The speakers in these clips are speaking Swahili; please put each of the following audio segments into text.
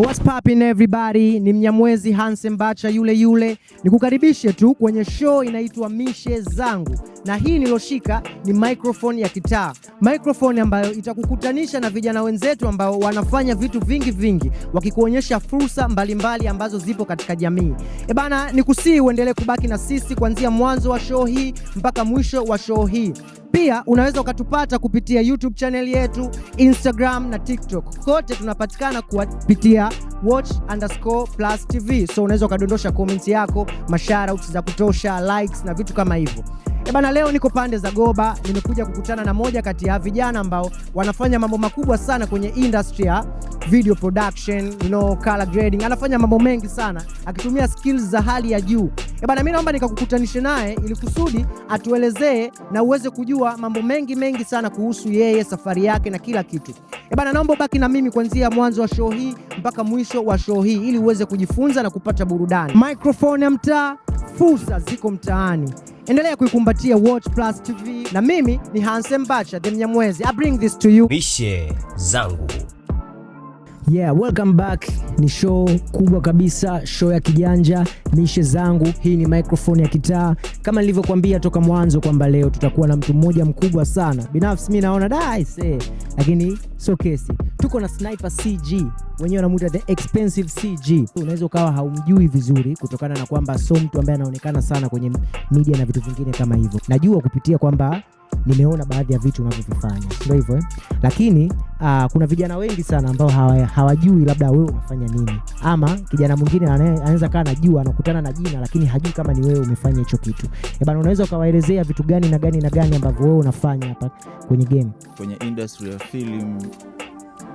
What's poppin everybody? Ni Mnyamwezi Hans mbacha yule yule. Nikukaribishe tu kwenye show inaitwa Mishe Zangu. Na hii niloshika ni microphone ya kitaa. Microphone ambayo itakukutanisha na vijana wenzetu ambao wanafanya vitu vingi vingi wakikuonyesha fursa mbalimbali ambazo zipo katika jamii. E bana, nikusii uendelee kubaki na sisi kuanzia mwanzo wa show hii mpaka mwisho wa show hii. Pia unaweza ukatupata kupitia YouTube channel yetu, Instagram na TikTok. Kote tunapatikana kupitia watch underscore plus TV, so unaweza ukadondosha comments yako, mashoutouts za kutosha, likes na vitu kama hivyo. Ebana, eh, leo niko pande za Goba, nimekuja kukutana na moja kati ya vijana ambao wanafanya mambo makubwa sana kwenye industry ya video production, you know, color grading. Anafanya mambo mengi sana akitumia skills za hali ya juu. Ebana, eh, mimi naomba nikakukutanishe naye ili kusudi atuelezee na uweze kujua mambo mengi mengi sana kuhusu yeye, safari yake na kila kitu. Ebana, eh, naomba ubaki na mimi kuanzia mwanzo wa show hii mpaka mwisho wa show hii ili uweze kujifunza na kupata burudani. Microphone ya mtaa, fursa ziko mtaani endelea kuikumbatia Watch Plus TV na mimi ni Hansen Bacha the Mnyamwezi. I bring this to you. Mishe zangu Yeah, welcome back. Ni show kubwa kabisa, show ya kijanja, mishe zangu. Hii ni microphone ya kitaa. Kama nilivyokuambia toka mwanzo kwamba leo tutakuwa na mtu mmoja mkubwa sana. Binafsi mimi naona daise, lakini sio kesi. Tuko na Sniper CG, wenyewe wanamuita the expensive CG. Unaweza ukawa haumjui vizuri kutokana na kwamba sio mtu ambaye anaonekana sana kwenye media na vitu vingine kama hivyo. Najua kupitia kwamba nimeona baadhi ya vitu unavyovifanya, ndo hivyo eh? Lakini uh, kuna vijana wengi sana ambao hawa, hawajui labda wewe unafanya nini, ama kijana mwingine anaweza kaa najua anakutana na jina lakini hajui kama ni wewe umefanya hicho kitu. Eh bana, unaweza ukawaelezea vitu gani na gani na gani ambavyo wewe unafanya hapa kwenye game? Kwenye industry ya film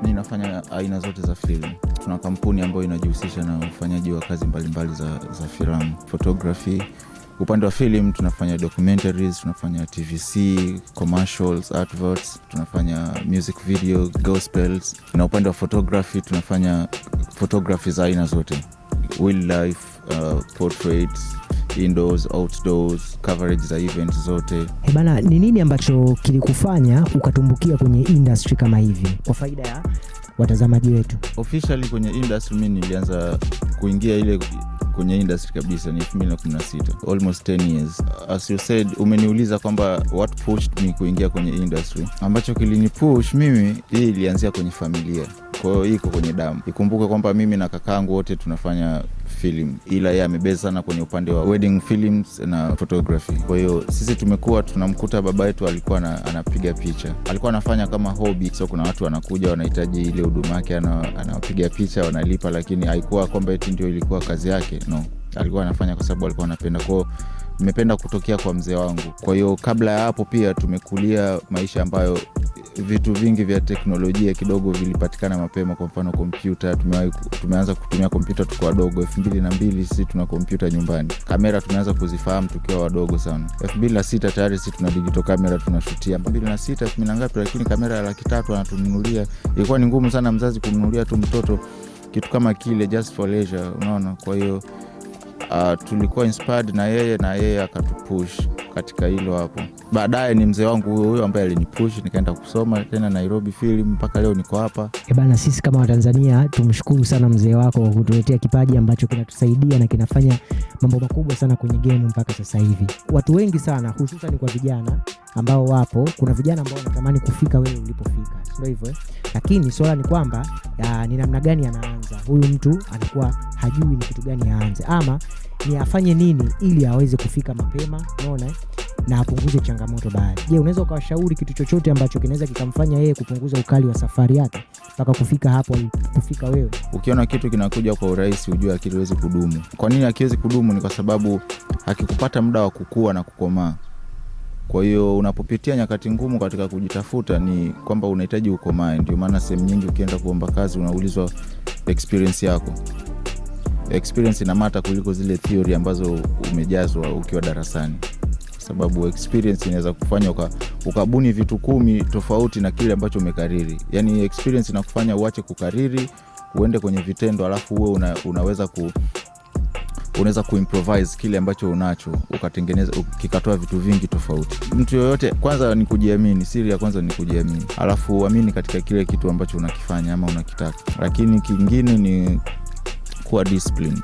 ninafanya aina zote za film. Tuna kampuni ambayo inajihusisha na ufanyaji wa kazi mbalimbali mbali za, za filamu photography upande wa film tunafanya documentaries tunafanya tvc commercials adverts tunafanya music video gospels na upande wa photography tunafanya photography za aina zote life uh, portrait indoors outdoors coverage za event zote hey eh, bana ni nini ambacho kilikufanya ukatumbukia kwenye industry kama hivi kwa faida ya watazamaji wetu officially kwenye industry mi nilianza kuingia ile kwenye industry kabisa ni 2016 almost 10 years. As you said, umeniuliza kwamba what pushed me kuingia kwenye industry. Ambacho kilinipush mimi, hii ilianzia kwenye familia, kwa hiyo iko kwenye damu. Ikumbuke kwamba mimi na kakangu wote tunafanya film, ila yeye amebeza sana kwenye upande wa wedding films na photography. Kwa hiyo sisi tumekuwa tunamkuta baba yetu alikuwa na, anapiga picha, alikuwa anafanya kama hobby. So kuna watu wanakuja wanahitaji ile huduma yake, anapiga picha wanalipa, lakini haikuwa kwamba eti ndio ilikuwa kazi yake, no, alikuwa anafanya kwa sababu alikuwa anapenda kwao nimependa kutokea kwa mzee wangu. Kwa hiyo kabla ya hapo pia tumekulia maisha ambayo vitu vingi vya teknolojia kidogo vilipatikana mapema. Kwa mfano kompyuta, tumeanza kutumia kompyuta tukiwa wadogo. elfu mbili na mbili sisi tuna kompyuta nyumbani. Kamera tumeanza kuzifahamu tukiwa wadogo sana. elfu mbili na sita tayari sisi tuna digital kamera tunashutia. elfu mbili na sita elfu mbili na ngapi, lakini kamera ya laki tatu anatununulia. Ilikuwa ni ngumu sana mzazi kumnunulia tu mtoto kitu kama kile, just for leisure, unaona. Kwa hiyo uh, tulikuwa inspired na yeye na yeye akatupush katika hilo hapo baadaye ni mzee wangu huyo huyo ambaye alinipush nikaenda kusoma tena Nairobi Film, mpaka leo niko hapa eh bana. Sisi kama Watanzania tumshukuru sana mzee wako kwa kutuletea kipaji ambacho kinatusaidia na kinafanya mambo makubwa sana kwenye game mpaka sasa hivi. Watu wengi sana hususan kwa vijana ambao wapo, kuna vijana ambao wanatamani kufika wewe ulipofika, ndio hivyo eh? Lakini swala ni kwamba ni namna gani anaanza huyu mtu, anakuwa hajui ni kitu gani aanze ama ni afanye nini ili aweze kufika mapema, unaona eh? na apunguze changamoto baadhi. Je, unaweza ukawashauri kitu chochote ambacho kinaweza kikamfanya yeye kupunguza ukali wa safari yake mpaka kufika hapo kufika wewe? Ukiona kitu kinakuja kwa urahisi, ujue akiliwezi kudumu. Kwa nini akiwezi kudumu? Ni kwa sababu akikupata muda wa kukua na kukomaa. Kwa hiyo unapopitia nyakati ngumu katika kujitafuta, ni kwamba unahitaji ukomae. Ndio maana sehemu nyingi ukienda kuomba kazi unaulizwa experience yako experience inamata kuliko zile theory ambazo umejazwa ukiwa darasani sababu experience inaweza kufanya uka, ukabuni vitu kumi tofauti na kile ambacho umekariri. Yani experience inakufanya uache kukariri uende kwenye vitendo, alafu uwe una, unaweza ku unaweza kuimprovise kile ambacho unacho ukatengeneza kikatoa vitu vingi tofauti. Mtu yoyote, kwanza ni kujiamini. Siri ya kwanza ni kujiamini, alafu uamini katika kile kitu ambacho unakifanya ama unakitaka. Lakini kingine ni kuwa disciplined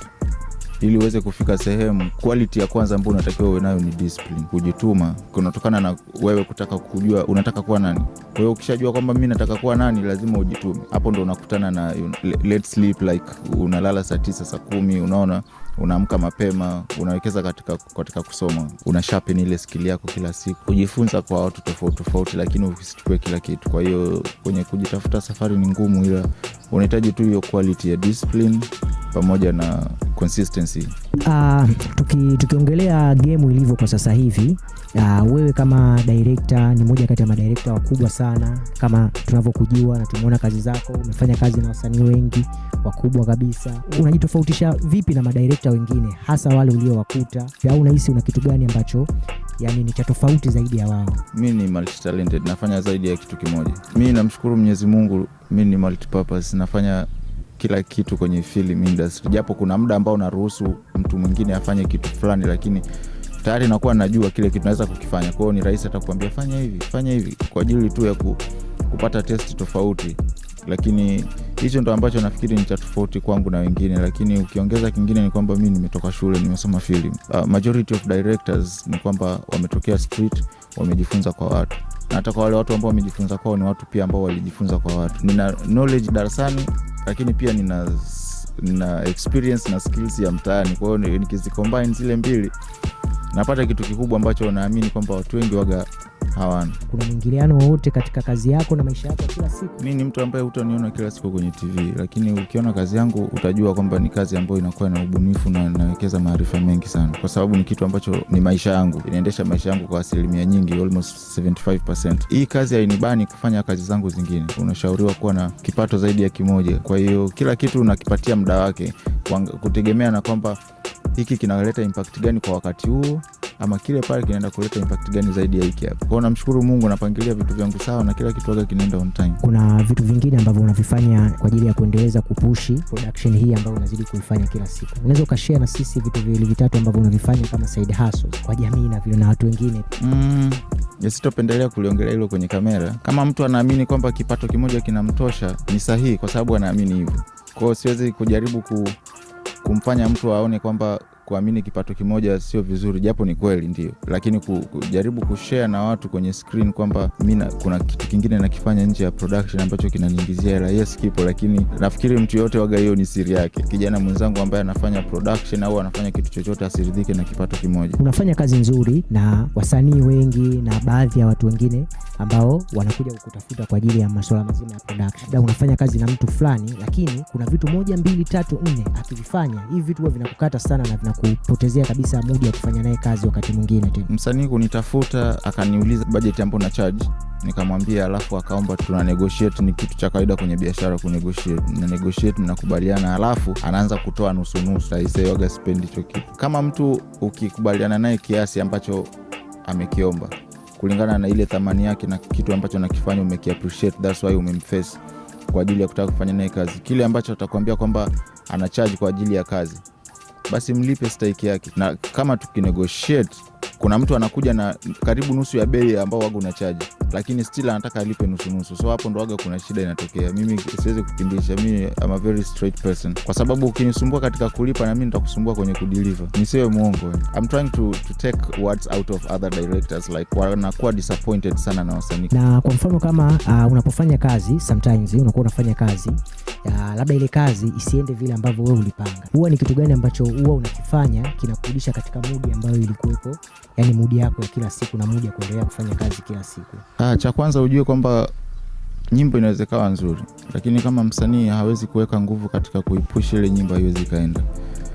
ili uweze kufika sehemu, quality ya kwanza ambayo unatakiwa uwe nayo ni discipline, kujituma. Kunatokana na wewe kutaka kujua unataka kuwa nani. Kwa hiyo ukishajua kwamba mi nataka kuwa nani, lazima ujitume. Hapo ndo unakutana na let's sleep like, unalala saa tisa saa kumi, unaona unaamka mapema, unawekeza katika, katika kusoma, una sharpen ile skili yako kila siku, kujifunza kwa watu tofauti tofauti, lakini usichukue kila kitu. Kwa hiyo kwenye kujitafuta safari ni ngumu, ila unahitaji tu hiyo quality ya discipline pamoja na consistency. Uh, tuki, tukiongelea gemu ilivyo kwa sasa hivi uh, wewe kama director ni moja kati ya madirekta wakubwa sana kama tunavyokujua na tumeona kazi zako, umefanya kazi na wasanii wengi wakubwa kabisa. Unajitofautisha vipi na madirekta wengine hasa wale uliowakuta, au unahisi una kitu gani ambacho yani ni cha tofauti zaidi ya wao? Mi ni multi talented, nafanya zaidi ya kitu kimoja. Mi namshukuru Mwenyezi Mungu, mi ni multi purpose, nafanya kila kitu kwenye film industry, japo kuna muda ambao naruhusu mtu mwingine afanye kitu fulani, lakini tayari nakuwa najua kile kitu naweza kukifanya. Kwa ni rahisi hata kuambia fanya hivi, fanya hivi kwa ajili tu ya ku, kupata testi tofauti, lakini hicho ndo ambacho nafikiri ni cha tofauti kwangu na wengine. Lakini ukiongeza kingine ni kwamba mi nimetoka shule, nimesoma film. Uh, majority of directors ni kwamba wametokea street, wamejifunza kwa watu hata kwa wale watu ambao wamejifunza kwao ni watu pia ambao walijifunza kwa watu. Nina knowledge darasani, lakini pia nina, nina experience na skills ya mtaani. Kwa hiyo nikizicombine zile mbili napata kitu kikubwa ambacho naamini kwamba watu wengi waga hawana. Kuna mwingiliano wowote katika kazi yako na maisha yako kila siku? Mi ni mtu ambaye hutaniona kila siku kwenye TV, lakini ukiona kazi yangu utajua kwamba ni kazi ambayo inakuwa na ubunifu na inawekeza maarifa mengi sana, kwa sababu ni kitu ambacho ni maisha yangu, inaendesha maisha yangu kwa asilimia nyingi, almost 75%. Hii kazi hainibani kufanya kazi zangu zingine. Unashauriwa kuwa na kipato zaidi ya kimoja, kwa hiyo kila kitu unakipatia muda wake kutegemea na kwamba hiki kinaleta impact gani kwa wakati huo ama kile pale kinaenda kuleta impact gani zaidi ya hiki hapa. Kwao namshukuru Mungu, napangilia vitu vyangu sawa na kila kitu kinaenda on time. Kuna vitu vingine ambavyo unavifanya kwa ajili ya kuendeleza kupushi production hii ambayo unazidi kuifanya kila siku, unaweza ukashea na sisi vitu viwili vitatu ambavyo unavifanya kama side hustles kwa jamii na vile na watu wengine? Mm, sitopendelea kuliongelea hilo kwenye kamera. Kama mtu anaamini kwamba kipato kimoja kinamtosha, ni sahihi, kwa sababu anaamini hivyo. Kwa hiyo siwezi kujaribu ku kumfanya mtu aone kwamba kuamini kipato kimoja sio vizuri, japo ni kweli ndio, lakini kujaribu kushare na watu kwenye screen kwamba mi kuna kitu kingine nakifanya nje ya production ambacho kinaniingizia hela. Yes, kipo, lakini nafikiri mtu yoyote waga, hiyo ni siri yake. Kijana mwenzangu ambaye anafanya production au anafanya kitu chochote asiridhike na kipato kimoja. Unafanya kazi nzuri na wasanii wengi na baadhi ya watu wengine ambao wanakuja kukutafuta kwa ajili ya masuala mazima ya production. Da, unafanya kazi na mtu fulani, lakini kuna vitu moja, mbili, tatu, nne akivifanya hivi vitu vinakukata sana na vinaku kupotezea kabisa mudi ya kufanya naye kazi wakati mwingine tena. Msanii kunitafuta akaniuliza bajeti ambao na charge nikamwambia, alafu akaomba tuna negotiate. Ni kitu cha kawaida kwenye biashara ku negotiate, na negotiate mnakubaliana, alafu anaanza kutoa nusunusu. Aisewaga spendi hicho kitu. Kama mtu ukikubaliana naye kiasi ambacho amekiomba kulingana na ile thamani yake na kitu ambacho nakifanya umekiappreciate, that's why umemface kwa ajili ya kutaka kufanya naye kazi. Kile ambacho atakuambia kwamba anachaji kwa ajili ya kazi basi mlipe stake yake, na kama tukinegotiate kuna mtu anakuja na karibu nusu ya bei ambao waga unachaji, lakini still anataka alipe nusunusu So hapo ndo waga kuna shida inatokea. Mimi siwezi kukimbisha, mi am a very straight person, kwa sababu ukinisumbua katika kulipa na mi nitakusumbua kwenye kudiliva Nisiwe mwongo, I'm trying to, to take words out of other directors like wanakuwa disappointed sana na wasanii. Na kwa mfano kama uh, unapofanya kazi sometimes unakuwa unafanya kazi ya, uh, labda ile kazi isiende vile ambavyo wewe ulipanga, huwa ni kitu gani ambacho huwa unakifanya kinakurudisha katika mudi ambayo ilikuwepo yani mudi yako ya kila siku na mudi ya kuendelea kufanya kazi kila siku. Ah, cha kwanza ujue kwamba nyimbo inaweza ikawa nzuri, lakini kama msanii hawezi kuweka nguvu katika kuipush ile nyimbo, haiwezi ikaenda.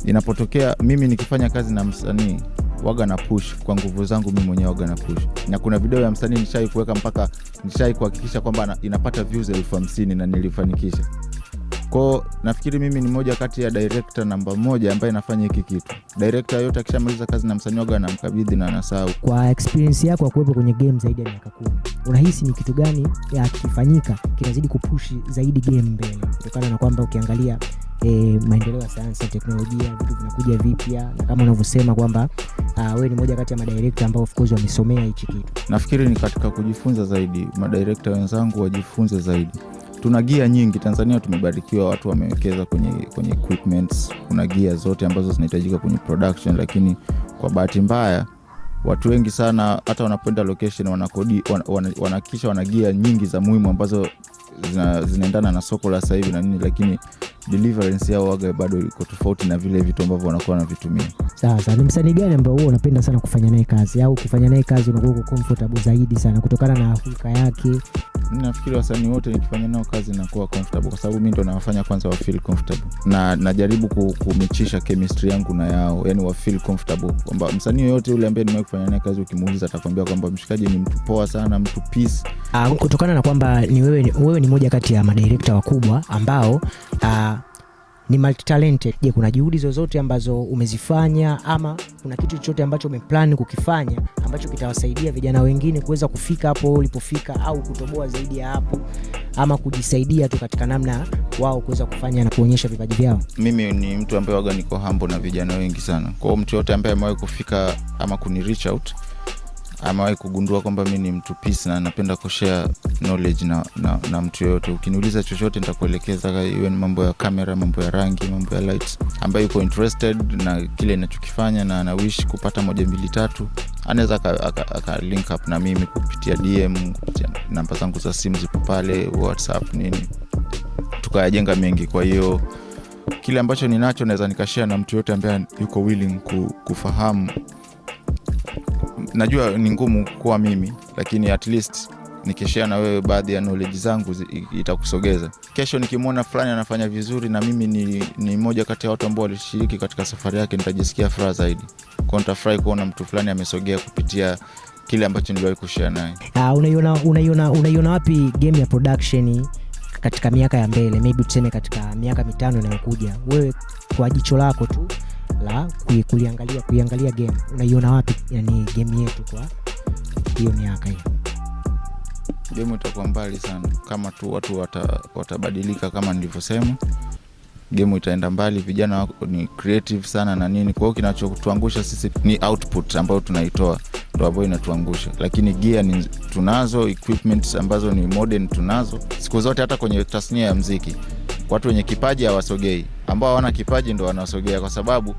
Inapotokea mimi nikifanya kazi na msanii waga na push kwa nguvu zangu mimi mwenyewe, waga na push, na kuna video ya msanii nishai kuweka mpaka nishai kuhakikisha kwamba inapata views elfu hamsini na nilifanikisha. Kwao nafikiri mimi ni moja kati ya direkta namba moja ambaye nafanya hiki kitu. Direkta yote akishamaliza kazi na msanii waga anamkabidhi na anasahau. Kwa experience yako ya kuwepo kwenye game zaidi ya miaka kumi, unahisi ni kitu gani akifanyika kinazidi kupushi zaidi game mbele, kutokana na kwamba ukiangalia E, maendeleo ya sayansi na teknolojia, vitu vinakuja vipya, na kama unavyosema kwamba ah, wewe ni moja kati ya madirekta ambao of course wamesomea hichi kitu. Nafikiri ni katika kujifunza zaidi, madirekta wenzangu wajifunze zaidi tuna gia nyingi Tanzania. Tumebarikiwa, watu wamewekeza kwenye, kwenye equipments. Kuna gia zote ambazo zinahitajika kwenye production, lakini kwa bahati mbaya watu wengi sana hata wanapoenda location wanakodi, wan, wana, wana, wana gia nyingi za muhimu ambazo zinaendana na soko la sahivi na nini, lakini deliverance yao waga bado iko tofauti na vile vitu ambavyo wanakuwa wanavitumia. Sasa ni msanii gani ambao huwa unapenda sana kufanya naye kazi au kufanya naye kazi unakuwa uko comfortable zaidi sana kutokana na Afrika yake? Nafikiri wasanii wote nikifanya nao kazi nakuwa comfortable, kwa sababu mi ndo nawafanya kwanza wa feel comfortable, na najaribu kumichisha chemistry yangu na yao, yani wa feel comfortable kwamba msanii yoyote yule ambaye nimewahi kufanya naye kazi, ukimuuliza atakwambia kwamba mshikaji ni mtu poa sana, mtu peace. Ah, kutokana na kwamba ni wewe, wewe ni moja kati ya madirekta wakubwa ambao uh, ni multi Je, kuna juhudi zozote ambazo umezifanya ama kuna kitu chochote ambacho umeplan kukifanya ambacho kitawasaidia vijana wengine kuweza kufika hapo ulipofika au kutoboa zaidi ya hapo ama kujisaidia tu katika namna wao kuweza kufanya na kuonyesha vipaji vyao? Mimi ni mtu ambaye waga niko hambo na vijana wengi sana, kwa mtu yote ambaye amewahi kufika ama kuni reach out amewahi kugundua kwamba mi ni mtu peace na napenda kushea knowledge na, na, na mtu yoyote. Ukiniuliza chochote nitakuelekeza, iwe ni mambo ya kamera, mambo ya rangi, mambo ya lights, ambaye yuko interested na kile inachokifanya na anawish kupata moja mbili tatu, anaweza aka link up na mimi kupitia DM, kupitia namba zangu za simu zipo pale WhatsApp nini, tukayajenga mengi. Kwa hiyo kile ambacho ninacho naweza nikashea na mtu yoyote ambaye yuko willing kufahamu najua ni ngumu kuwa mimi, lakini at least nikishare na wewe baadhi ya knowledge zangu itakusogeza. Kesho nikimwona fulani anafanya vizuri na mimi ni, ni moja kati ya watu ambao walishiriki katika safari yake, nitajisikia furaha zaidi. ko nitafurahi kuona mtu fulani amesogea kupitia kile ambacho niliwahi kushia naye. Ah, unaiona wapi game ya production katika miaka ya mbele, maybe tuseme katika miaka mitano inayokuja, wewe kwa jicho lako tu la kuiangalia kuiangalia game, unaiona wapi yani game yetu kwa hiyo miaka hiyo? Game itakuwa mbali sana kama tu watu wata, watabadilika kama nilivyosema gemu itaenda mbali, vijana ni creative sana na nini. Kwa hiyo kinachotuangusha sisi ni output ambayo tunaitoa, ndo ambayo inatuangusha, lakini gear ni tunazo, equipment ambazo ni modern tunazo siku zote. Hata kwenye tasnia ya mziki watu wenye kipaji hawasogei, ambao hawana kipaji ndo wanasogea, kwa sababu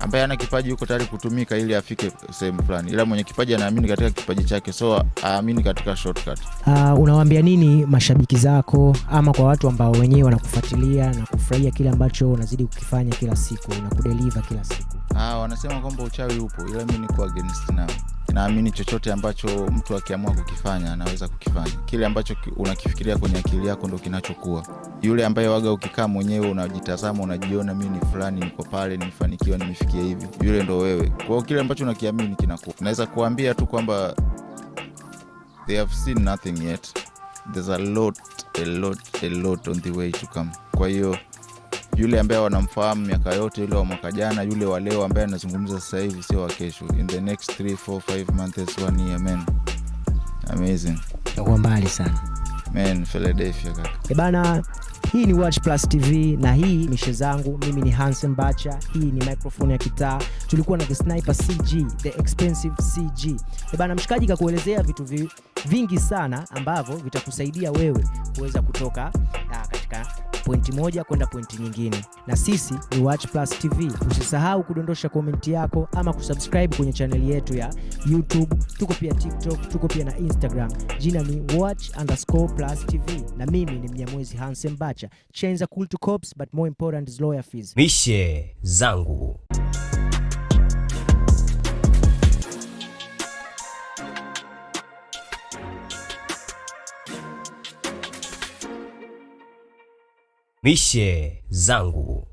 ambaye ana kipaji yuko tayari kutumika ili afike sehemu fulani, ila mwenye kipaji anaamini katika kipaji chake, so aamini katika shortcut. Uh, unawaambia nini mashabiki zako ama kwa watu ambao wenyewe wanakufuatilia na kufurahia kile ambacho unazidi kukifanya kila siku na kudeliver kila siku? Uh, wanasema kwamba uchawi upo, ila mi niko against nao naamini chochote ambacho mtu akiamua kukifanya anaweza kukifanya. Kile ambacho unakifikiria kwenye akili yako ndo kinachokuwa. Yule ambaye waga ukikaa mwenyewe unajitazama, unajiona mi ni fulani, niko pale, nimefanikiwa, nimefikia hivi, yule ndo wewe. kwao kile ambacho unakiamini kinakua Naweza kuambia tu kwamba they have seen nothing yet, there's a lot, a lot, a lot on the way to come. Kwa hiyo yule ambaye wanamfahamu miaka yote, yule wa mwaka jana, yule wa leo ambaye anazungumza sasa hivi, sio wa kesho. In the next 3 4 5 months, one year, man, amazing. Utakuwa mbali sana man. Philadelphia kaka, e bana. Hii ni Watch Plus TV na hii ni Shezangu. Mimi ni Hansen Bacha, hii ni microphone ya kitaa. Tulikuwa na the sniper CG, the expensive CG. E eh, bana, mshikaji kakuelezea vitu vingi sana ambavyo vitakusaidia wewe kuweza kutoka na ah, katika pointi moja kwenda pointi nyingine, na sisi ni Watch Plus TV. Usisahau kudondosha komenti yako ama kusubscribe kwenye chaneli yetu ya YouTube. Tuko pia TikTok, tuko pia na Instagram, jina ni Watch underscore Plus TV, na mimi ni Mnyamwezi Hansen Bacha. Chains are cool to cops but more important is lawyer fees. Mishe zangu Mishe Zangu.